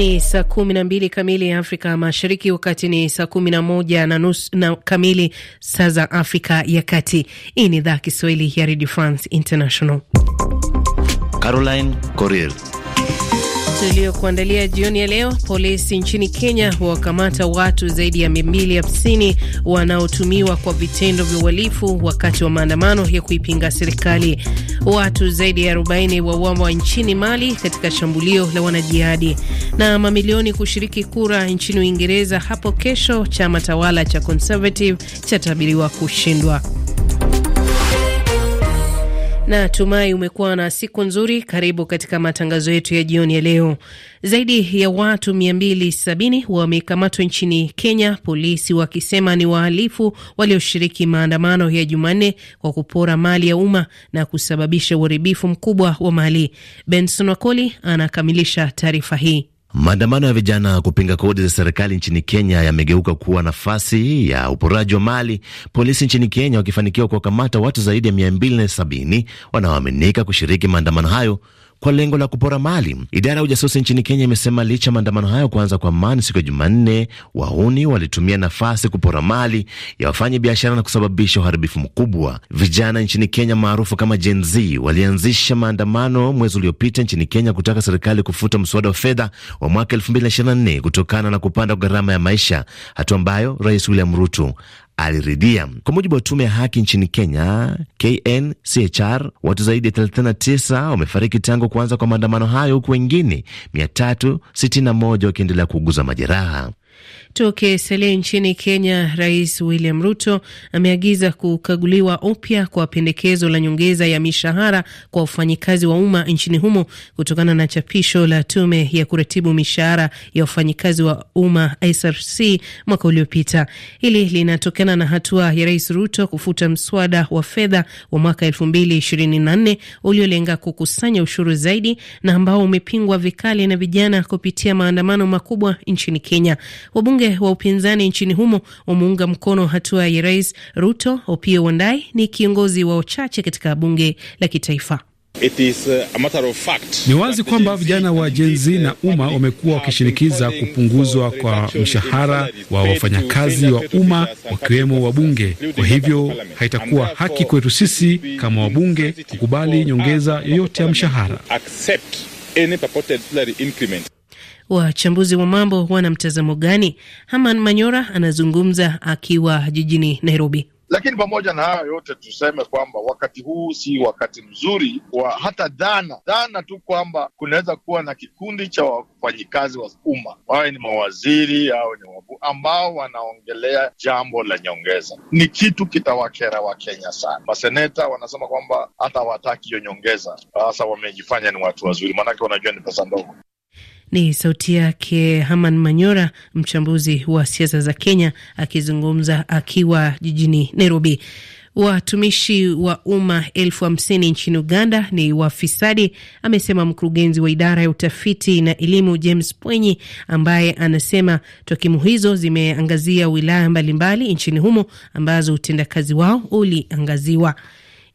Ni saa kumi na mbili kamili ya Afrika Mashariki, wakati ni saa kumi na moja na nusu na kamili saa za Afrika ya Kati. Hii ni idhaa Kiswahili ya Redio France International. Caroline Corrier tuliyokuandalia jioni ya leo. Polisi nchini Kenya wawakamata watu zaidi ya 250 wanaotumiwa kwa vitendo vya uhalifu wakati wa maandamano ya kuipinga serikali. Watu zaidi ya 40 wauawa nchini Mali katika shambulio la wanajihadi, na mamilioni kushiriki kura nchini Uingereza hapo kesho. Chama tawala cha Conservative chatabiriwa kushindwa. Na tumai umekuwa na siku nzuri. Karibu katika matangazo yetu ya jioni ya leo. Zaidi ya watu 270 wamekamatwa nchini Kenya, polisi wakisema ni wahalifu walioshiriki maandamano ya Jumanne kwa kupora mali ya umma na kusababisha uharibifu mkubwa wa mali. Benson Wakoli anakamilisha taarifa hii. Maandamano ya vijana kupinga kodi za serikali nchini Kenya yamegeuka kuwa nafasi ya uporaji wa mali, polisi nchini Kenya wakifanikiwa kuwakamata watu zaidi ya 270 wanaoaminika kushiriki maandamano hayo kwa lengo la kupora mali. Idara ya ujasusi nchini Kenya imesema licha maandamano hayo kuanza kwa amani siku ya Jumanne, wahuni walitumia nafasi kupora mali ya wafanya biashara na kusababisha uharibifu mkubwa. Vijana nchini Kenya maarufu kama Gen Z walianzisha maandamano mwezi uliopita nchini Kenya kutaka serikali kufuta mswada wa fedha wa mwaka 2024 kutokana na kupanda gharama ya maisha, hatua ambayo Rais William Ruto aliridhia. Kwa mujibu wa tume ya haki nchini Kenya, KNCHR, watu zaidi ya 39 wamefariki tangu kuanza kwa maandamano hayo, huku wengine 361 wakiendelea kuuguza majeraha toke salia nchini Kenya, Rais William Ruto ameagiza kukaguliwa upya kwa pendekezo la nyongeza ya mishahara kwa wafanyikazi wa umma nchini humo kutokana na chapisho la tume ya kuratibu mishahara ya wafanyikazi wa umma SRC mwaka uliopita. Hili linatokana na hatua ya Rais Ruto kufuta mswada wa fedha wa mwaka 2024 uliolenga kukusanya ushuru zaidi na ambao umepingwa vikali na vijana kupitia maandamano makubwa nchini Kenya. Wabunge wa upinzani nchini humo wameunga mkono hatua ya Rais Ruto. Opiyo Wandai ni kiongozi wa wachache katika bunge la kitaifa. It is uh, a matter of fact. Ni wazi kwamba vijana wa Gen Z uh, na umma wamekuwa wakishinikiza kupunguzwa kwa mshahara wa wafanyakazi wa umma wakiwemo wabunge. Kwa hivyo haitakuwa haki kwetu sisi kama wabunge kukubali nyongeza yoyote ya mshahara. Wachambuzi wa mambo wana mtazamo gani? Haman Manyora anazungumza akiwa jijini Nairobi. Lakini pamoja na hayo yote, tuseme kwamba wakati huu si wakati mzuri wa hata dhana dhana tu kwamba kunaweza kuwa na kikundi cha wafanyikazi wa umma, wawe ni mawaziri au ni wabu, ambao wanaongelea jambo la nyongeza. Ni kitu kitawakera Wakenya sana. Maseneta wanasema kwamba hata hawataki hiyo nyongeza, sasa wamejifanya ni watu wazuri, maanake wanajua ni pesa ndogo. Ni sauti yake Haman Manyora, mchambuzi wa siasa za Kenya, akizungumza akiwa jijini Nairobi. Watumishi wa umma elfu hamsini nchini Uganda ni wafisadi, amesema mkurugenzi wa idara ya utafiti na elimu James Pwenyi, ambaye anasema takwimu hizo zimeangazia wilaya mbalimbali nchini humo ambazo utendakazi wao uliangaziwa.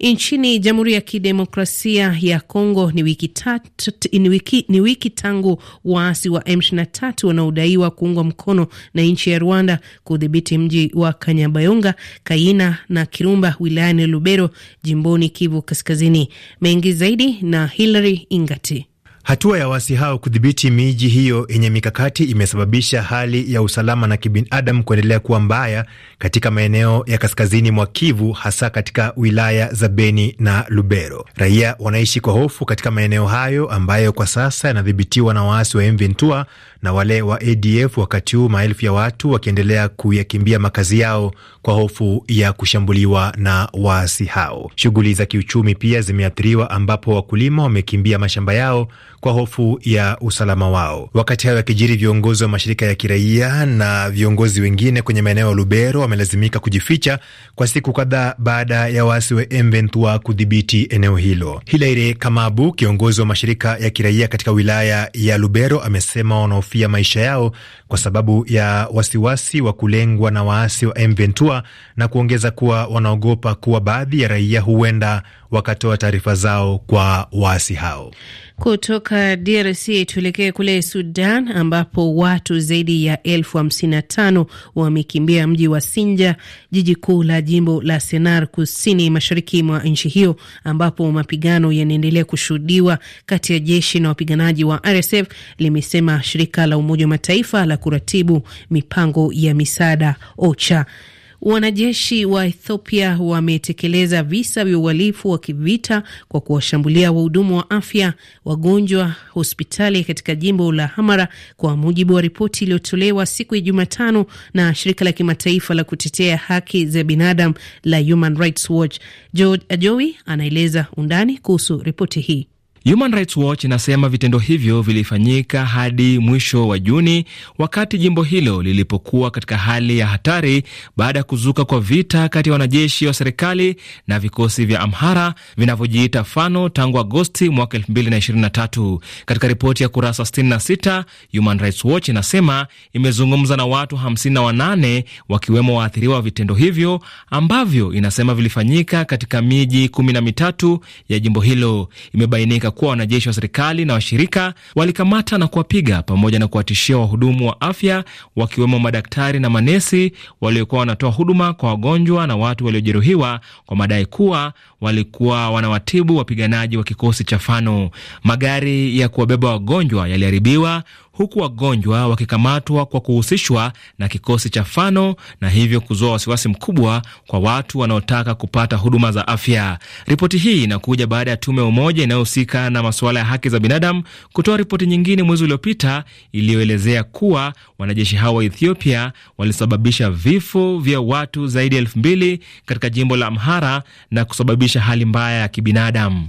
Nchini Jamhuri ya Kidemokrasia ya Kongo ni wiki, tatu, ni wiki, ni wiki tangu waasi wa M23 wanaodaiwa kuungwa mkono na nchi ya Rwanda kudhibiti mji wa Kanyabayonga, Kaina na Kirumba wilayani Lubero jimboni Kivu Kaskazini. Mengi zaidi na Hilary Ingati. Hatua ya waasi hao kudhibiti miji hiyo yenye mikakati imesababisha hali ya usalama na kibinadamu kuendelea kuwa mbaya katika maeneo ya kaskazini mwa Kivu, hasa katika wilaya za Beni na Lubero. Raia wanaishi kwa hofu katika maeneo hayo ambayo kwa sasa yanadhibitiwa na waasi wa M23 na wale wa ADF, wakati huu maelfu ya watu wakiendelea kuyakimbia makazi yao kwa hofu ya kushambuliwa na waasi hao. Shughuli za kiuchumi pia zimeathiriwa, ambapo wakulima wamekimbia mashamba yao kwa hofu ya usalama wao. Wakati hayo yakijiri, viongozi wa mashirika ya kiraia na viongozi wengine kwenye maeneo ya Lubero wamelazimika kujificha kwa siku kadhaa baada ya waasi wa M23 kudhibiti eneo hilo. Hilaire Kamabu, kiongozi wa mashirika ya kiraia katika wilaya ya Lubero, amesema wanaofia maisha yao kwa sababu ya wasiwasi wa kulengwa na waasi wa M23 na kuongeza kuwa wanaogopa kuwa baadhi ya raia huenda wakatoa taarifa zao kwa waasi hao. Kutoka DRC tuelekee kule Sudan ambapo watu zaidi ya elfu hamsini na tano wamekimbia mji wa Sinja, jiji kuu la jimbo la senar kusini mashariki mwa nchi hiyo, ambapo mapigano yanaendelea kushuhudiwa kati ya jeshi na wapiganaji wa RSF, limesema shirika la Umoja wa Mataifa la kuratibu mipango ya misaada OCHA. Wanajeshi wa Ethiopia wametekeleza visa vya uhalifu wa kivita kwa kuwashambulia wahudumu wa afya, wagonjwa, hospitali katika jimbo la Hamara, kwa mujibu wa ripoti iliyotolewa siku ya Jumatano na shirika la kimataifa la kutetea haki za binadamu la Human Rights Watch. George Ajowi anaeleza undani kuhusu ripoti hii. Human Rights Watch inasema vitendo hivyo vilifanyika hadi mwisho wa Juni, wakati jimbo hilo lilipokuwa katika hali ya hatari baada ya kuzuka kwa vita kati ya wanajeshi wa serikali na vikosi vya Amhara vinavyojiita Fano tangu Agosti mwaka 2023. Katika ripoti ya kurasa 66, Human Rights Watch inasema imezungumza na watu 58 wakiwemo waathiriwa wa vitendo hivyo ambavyo inasema vilifanyika katika miji 13 ya jimbo hilo. Imebainika kuwa wanajeshi wa serikali na washirika walikamata na kuwapiga pamoja na kuwatishia wahudumu wa afya wakiwemo madaktari na manesi waliokuwa wanatoa huduma kwa wagonjwa na watu waliojeruhiwa kwa madai kuwa walikuwa wanawatibu wapiganaji wa kikosi cha Fano. Magari ya kuwabeba wagonjwa yaliharibiwa huku wagonjwa wakikamatwa kwa kuhusishwa na kikosi cha Fano na hivyo kuzua wasiwasi mkubwa kwa watu wanaotaka kupata huduma za afya. Ripoti hii inakuja baada ya tume ya Umoja inayohusika na masuala ya haki za binadamu kutoa ripoti nyingine mwezi uliopita iliyoelezea kuwa wanajeshi hao wa Ethiopia walisababisha vifo vya watu zaidi ya elfu mbili katika jimbo la Amhara na kusababisha kuimarisha hali mbaya ya kibinadamu.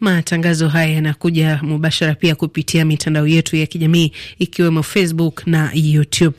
Matangazo haya yanakuja mubashara pia kupitia mitandao yetu ya kijamii ikiwemo Facebook na YouTube.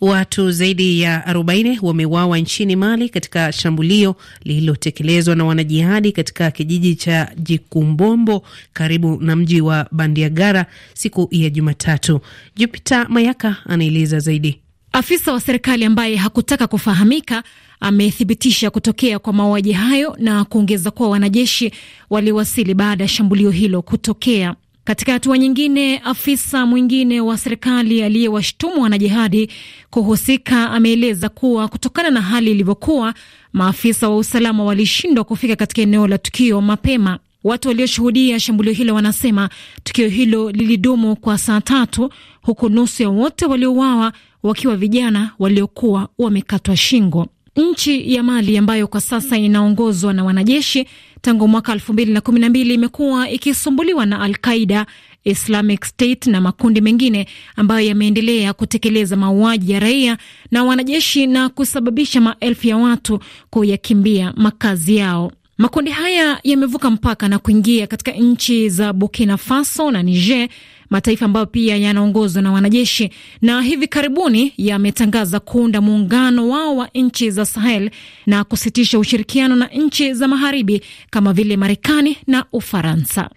Watu zaidi ya 40 wameuawa nchini Mali katika shambulio lililotekelezwa na wanajihadi katika kijiji cha Jikumbombo karibu na mji wa Bandiagara siku ya Jumatatu. Jupiter Mayaka anaeleza zaidi. Afisa wa serikali ambaye hakutaka kufahamika amethibitisha kutokea kwa mauaji hayo na kuongeza kuwa wanajeshi waliwasili baada ya shambulio hilo kutokea. Katika hatua nyingine, afisa mwingine wa serikali aliyewashtumu wanajihadi kuhusika ameeleza kuwa kutokana na hali ilivyokuwa, maafisa wa usalama walishindwa kufika katika eneo la tukio mapema. Watu walioshuhudia shambulio hilo wanasema tukio hilo lilidumu kwa saa tatu, huku nusu ya wote waliouawa wakiwa vijana waliokuwa wamekatwa shingo. Nchi ya Mali ambayo kwa sasa inaongozwa na wanajeshi tangu mwaka 2012 imekuwa ikisumbuliwa na Al-Qaida, Islamic State na makundi mengine ambayo yameendelea kutekeleza mauaji ya raia na wanajeshi na kusababisha maelfu ya watu kuyakimbia makazi yao. Makundi haya yamevuka mpaka na kuingia katika nchi za Burkina Faso na Niger, mataifa ambayo pia yanaongozwa na wanajeshi, na hivi karibuni yametangaza kuunda muungano wao wa nchi za Sahel na kusitisha ushirikiano na nchi za magharibi kama vile Marekani na Ufaransa.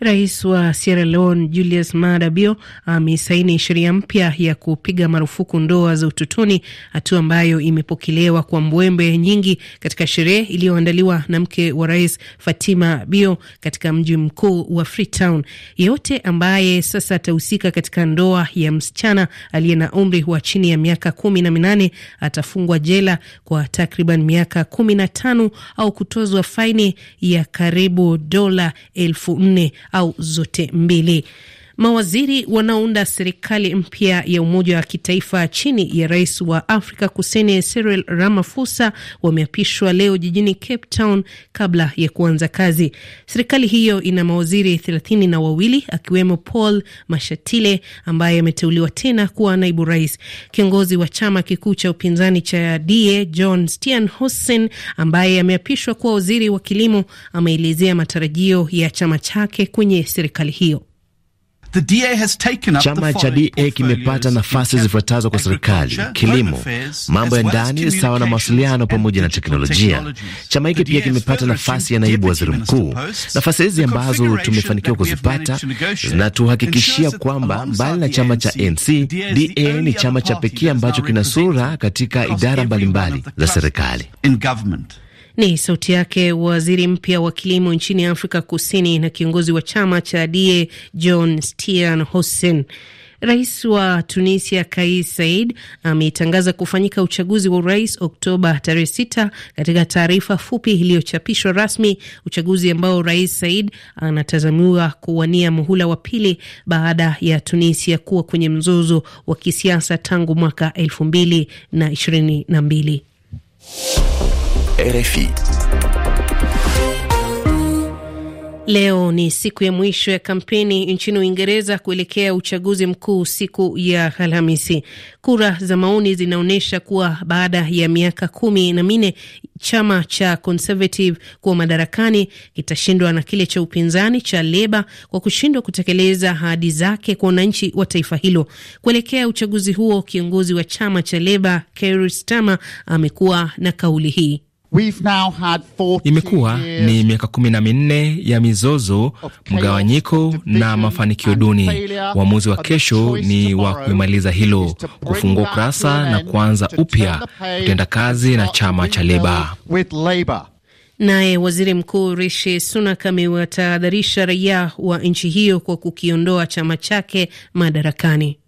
Rais wa Sierra Leone Julius Maada Bio amesaini sheria mpya ya kupiga marufuku ndoa za utotoni, hatua ambayo imepokelewa kwa mbwembe nyingi katika sherehe iliyoandaliwa na mke wa rais Fatima Bio katika mji mkuu wa Freetown. Yeyote ambaye sasa atahusika katika ndoa ya msichana aliye na umri wa chini ya miaka kumi na minane atafungwa jela kwa takriban miaka kumi na tano au kutozwa faini ya karibu dola elfu nne au zote mbili. Mawaziri wanaounda serikali mpya ya umoja wa kitaifa chini ya rais wa Afrika Kusini Cyril Ramaphosa wameapishwa leo jijini Cape Town kabla ya kuanza kazi. Serikali hiyo ina mawaziri thelathini na wawili akiwemo Paul Mashatile ambaye ameteuliwa tena kuwa naibu rais. Kiongozi wa chama kikuu cha upinzani cha DA John Steenhuisen ambaye ameapishwa kuwa waziri wa kilimo ameelezea matarajio ya chama chake kwenye serikali hiyo. Chama cha DA kimepata nafasi zifuatazo kwa serikali: kilimo, mambo ya ndani, sawa na mawasiliano pamoja na teknolojia. Chama hiki pia kimepata nafasi ya naibu waziri mkuu. Nafasi hizi ambazo tumefanikiwa kuzipata zinatuhakikishia kwamba mbali na chama cha ANC, DA ni chama cha pekee ambacho kina sura katika idara mbalimbali mbali za serikali. Ni sauti yake waziri mpya wa kilimo nchini Afrika Kusini na kiongozi wa chama cha DA John Stian hosen Rais wa Tunisia Kais said ametangaza kufanyika uchaguzi wa urais Oktoba tarehe 6 katika taarifa fupi iliyochapishwa rasmi, uchaguzi ambao Rais said anatazamiwa kuwania muhula wa pili baada ya Tunisia kuwa kwenye mzozo wa kisiasa tangu mwaka elfu mbili na ishirini na mbili. RFI. Leo ni siku ya mwisho ya kampeni nchini Uingereza kuelekea uchaguzi mkuu siku ya Alhamisi. Kura za maoni zinaonyesha kuwa baada ya miaka kumi na minne chama cha Conservative kuwa madarakani kitashindwa na kile cha upinzani cha Leba kwa kushindwa kutekeleza ahadi zake kwa wananchi wa taifa hilo. Kuelekea uchaguzi huo, kiongozi wa chama cha Leba Keir Starmer amekuwa na kauli hii. Imekuwa ni miaka kumi na minne ya mizozo, mgawanyiko na mafanikio duni. Uamuzi wa kesho ni wa kuimaliza hilo, kufungua ukurasa na kuanza upya kutenda kazi na chama cha Leba. Naye waziri mkuu Rishi Sunak amewatahadharisha raia wa nchi hiyo kwa kukiondoa chama chake madarakani.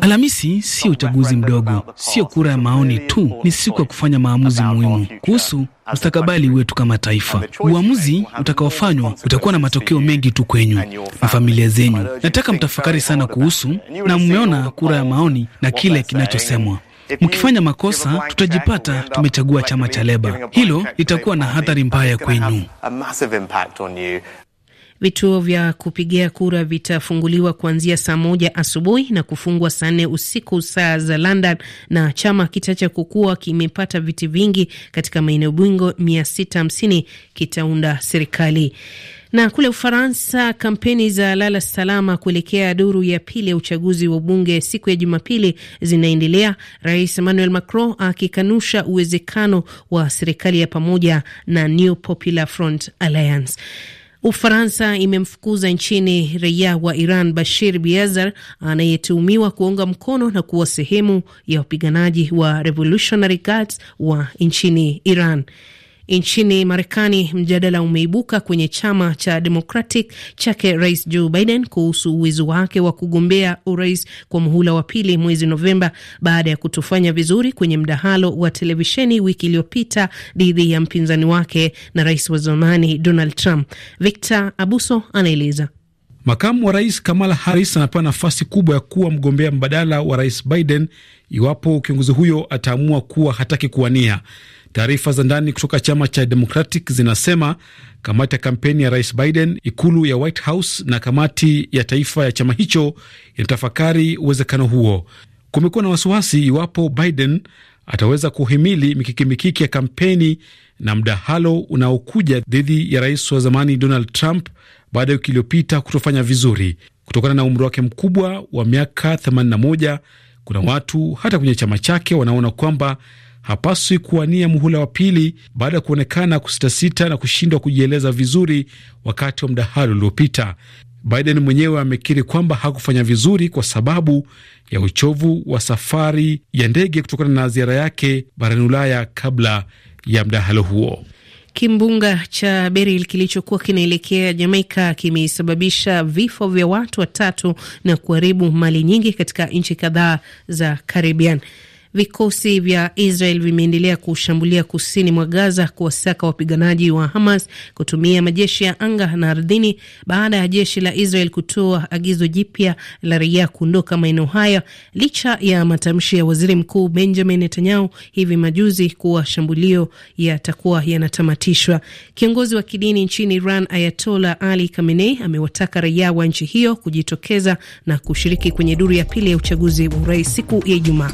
Alhamisi sio uchaguzi mdogo, sio kura ya maoni tu, ni siku ya kufanya maamuzi muhimu kuhusu mustakabali wetu kama taifa. Uamuzi utakaofanywa utakuwa na matokeo mengi tu kwenyu na familia zenyu. Nataka mtafakari sana kuhusu, na mmeona kura ya maoni na kile kinachosemwa. Mkifanya makosa, tutajipata tumechagua chama cha Leba. Hilo litakuwa na hathari mbaya kwenyu. Vituo vya kupigia kura vitafunguliwa kuanzia saa moja asubuhi na kufungwa saa nne usiku saa za London, na chama kitacha kukua kimepata viti vingi katika maeneo sita hamsini kitaunda serikali. Na kule Ufaransa, kampeni za lala salama kuelekea duru ya pili ya uchaguzi wa bunge siku ya Jumapili zinaendelea, Rais Emmanuel Macron akikanusha uwezekano wa serikali ya pamoja na New Popular Front Alliance. Ufaransa imemfukuza nchini raia wa Iran Bashir Biazar anayetuhumiwa kuunga mkono na kuwa sehemu ya wapiganaji wa Revolutionary Guards wa nchini Iran. Nchini Marekani, mjadala umeibuka kwenye chama cha Democratic chake Rais Joe Biden kuhusu uwezo wake wa kugombea urais kwa muhula wa pili mwezi Novemba baada ya kutofanya vizuri kwenye mdahalo wa televisheni wiki iliyopita dhidi ya mpinzani wake na rais wa zamani Donald Trump. Victor Abuso anaeleza. Makamu wa rais Kamala Harris anapewa nafasi kubwa ya kuwa mgombea mbadala wa rais Biden iwapo kiongozi huyo ataamua kuwa hataki kuwania. Taarifa za ndani kutoka chama cha Democratic zinasema kamati ya kampeni ya rais Biden, ikulu ya White House na kamati ya taifa ya chama hicho inatafakari uwezekano huo. Kumekuwa na wasiwasi iwapo Biden ataweza kuhimili mikikimikiki ya kampeni na mdahalo unaokuja dhidi ya rais wa zamani Donald Trump baada ya wiki iliyopita kutofanya vizuri. Kutokana na umri wake mkubwa wa miaka 81, kuna watu hata kwenye chama chake wanaona kwamba hapaswi kuwania muhula wa pili baada ya kuonekana kusitasita na kushindwa kujieleza vizuri wakati wa mdahalo uliopita. Biden mwenyewe amekiri kwamba hakufanya vizuri kwa sababu ya uchovu wa safari ya ndege kutokana na ziara yake barani Ulaya kabla ya mdahalo huo. Kimbunga cha Beril kilichokuwa kinaelekea Jamaika kimesababisha vifo vya watu watatu na kuharibu mali nyingi katika nchi kadhaa za karibian Vikosi vya Israel vimeendelea kushambulia kusini mwa Gaza kuwasaka wapiganaji wa Hamas kutumia majeshi ya anga na ardhini baada ya jeshi la Israel kutoa agizo jipya la raia kuondoka maeneo haya licha ya matamshi ya waziri mkuu Benjamin Netanyahu hivi majuzi kuwa shambulio yatakuwa yanatamatishwa. Kiongozi wa kidini nchini Iran Ayatola Ali Khamenei amewataka raia wa nchi hiyo kujitokeza na kushiriki kwenye duru ya pili ya uchaguzi wa urais siku ya Ijumaa.